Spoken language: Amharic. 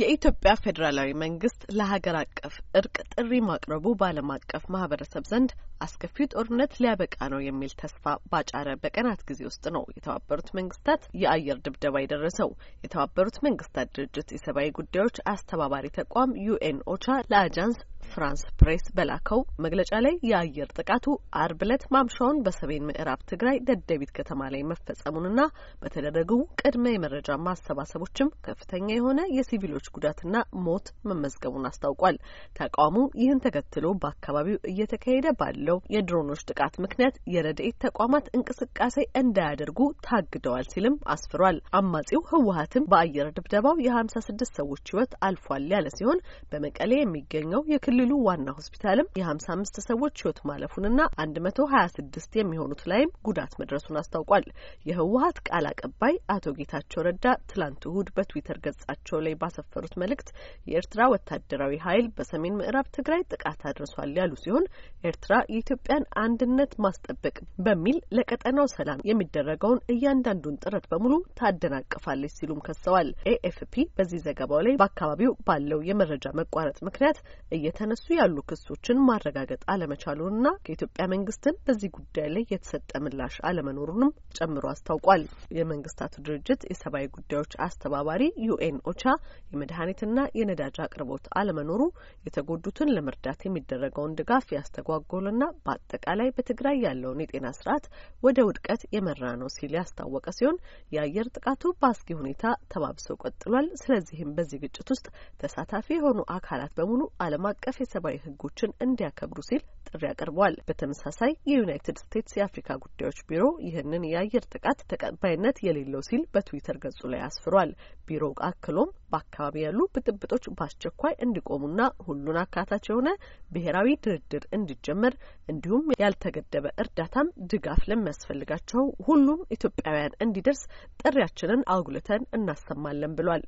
የኢትዮጵያ ፌዴራላዊ መንግስት ለሀገር አቀፍ እርቅ ጥሪ ማቅረቡ በዓለም አቀፍ ማህበረሰብ ዘንድ አስከፊው ጦርነት ሊያበቃ ነው የሚል ተስፋ ባጫረ በቀናት ጊዜ ውስጥ ነው የተባበሩት መንግስታት የአየር ድብደባ የደረሰው። የተባበሩት መንግስታት ድርጅት የሰብአዊ ጉዳዮች አስተባባሪ ተቋም ዩኤን ኦቻ ለአጃንስ ፍራንስ ፕሬስ በላከው መግለጫ ላይ የአየር ጥቃቱ አርብ ዕለት ማምሻውን በሰሜን ምዕራብ ትግራይ ደደቢት ከተማ ላይ መፈጸሙንና በተደረጉ ቅድመ የመረጃ ማሰባሰቦችም ከፍተኛ የሆነ የሲቪሎች ጉዳትና ሞት መመዝገቡን አስታውቋል። ተቃውሞ ይህን ተከትሎ በአካባቢው እየተካሄደ ባለው የድሮኖች ጥቃት ምክንያት የረድኤት ተቋማት እንቅስቃሴ እንዳያደርጉ ታግደዋል ሲልም አስፍሯል። አማጺው ህወሀትም በአየር ድብደባው የሀምሳ ስድስት ሰዎች ህይወት አልፏል ያለ ሲሆን በመቀሌ የሚገኘው የክልሉ በክልሉ ዋና ሆስፒታልም የሀምሳ አምስት ሰዎች ህይወት ማለፉንና አንድ መቶ ሀያ ስድስት የሚሆኑት ላይም ጉዳት መድረሱን አስታውቋል። የህወሀት ቃል አቀባይ አቶ ጌታቸው ረዳ ትላንት እሁድ በትዊተር ገጻቸው ላይ ባሰፈሩት መልእክት የኤርትራ ወታደራዊ ኃይል በሰሜን ምዕራብ ትግራይ ጥቃት አድርሷል ያሉ ሲሆን ኤርትራ የኢትዮጵያን አንድነት ማስጠበቅ በሚል ለቀጠናው ሰላም የሚደረገውን እያንዳንዱን ጥረት በሙሉ ታደናቅፋለች ሲሉም ከሰዋል። ኤኤፍፒ በዚህ ዘገባው ላይ በአካባቢው ባለው የመረጃ መቋረጥ ምክንያት እየተ እየተነሱ ያሉ ክሶችን ማረጋገጥ አለመቻሉንና ከኢትዮጵያ መንግስትም በዚህ ጉዳይ ላይ የተሰጠ ምላሽ አለመኖሩንም ጨምሮ አስታውቋል። የመንግስታቱ ድርጅት የሰብአዊ ጉዳዮች አስተባባሪ ዩኤን ኦቻ የመድኃኒትና የነዳጅ አቅርቦት አለመኖሩ የተጎዱትን ለመርዳት የሚደረገውን ድጋፍ ያስተጓጎልና በአጠቃላይ በትግራይ ያለውን የጤና ስርዓት ወደ ውድቀት የመራ ነው ሲል ያስታወቀ ሲሆን የአየር ጥቃቱ በአስጊ ሁኔታ ተባብሶ ቀጥሏል። ስለዚህም በዚህ ግጭት ውስጥ ተሳታፊ የሆኑ አካላት በሙሉ ዓለም አቀፍ የሰብአዊ ህጎችን እንዲያከብሩ ሲል ጥሪ አቅርበዋል። በተመሳሳይ የዩናይትድ ስቴትስ የአፍሪካ ጉዳዮች ቢሮ ይህንን የአየር ጥቃት ተቀባይነት የሌለው ሲል በትዊተር ገጹ ላይ አስፍሯል። ቢሮው አክሎም በአካባቢ ያሉ ብጥብጦች በአስቸኳይ እንዲቆሙና ሁሉን አካታች የሆነ ብሔራዊ ድርድር እንዲጀመር እንዲሁም ያልተገደበ እርዳታም ድጋፍ ለሚያስፈልጋቸው ሁሉም ኢትዮጵያውያን እንዲደርስ ጥሪያችንን አጉልተን እናሰማለን ብሏል።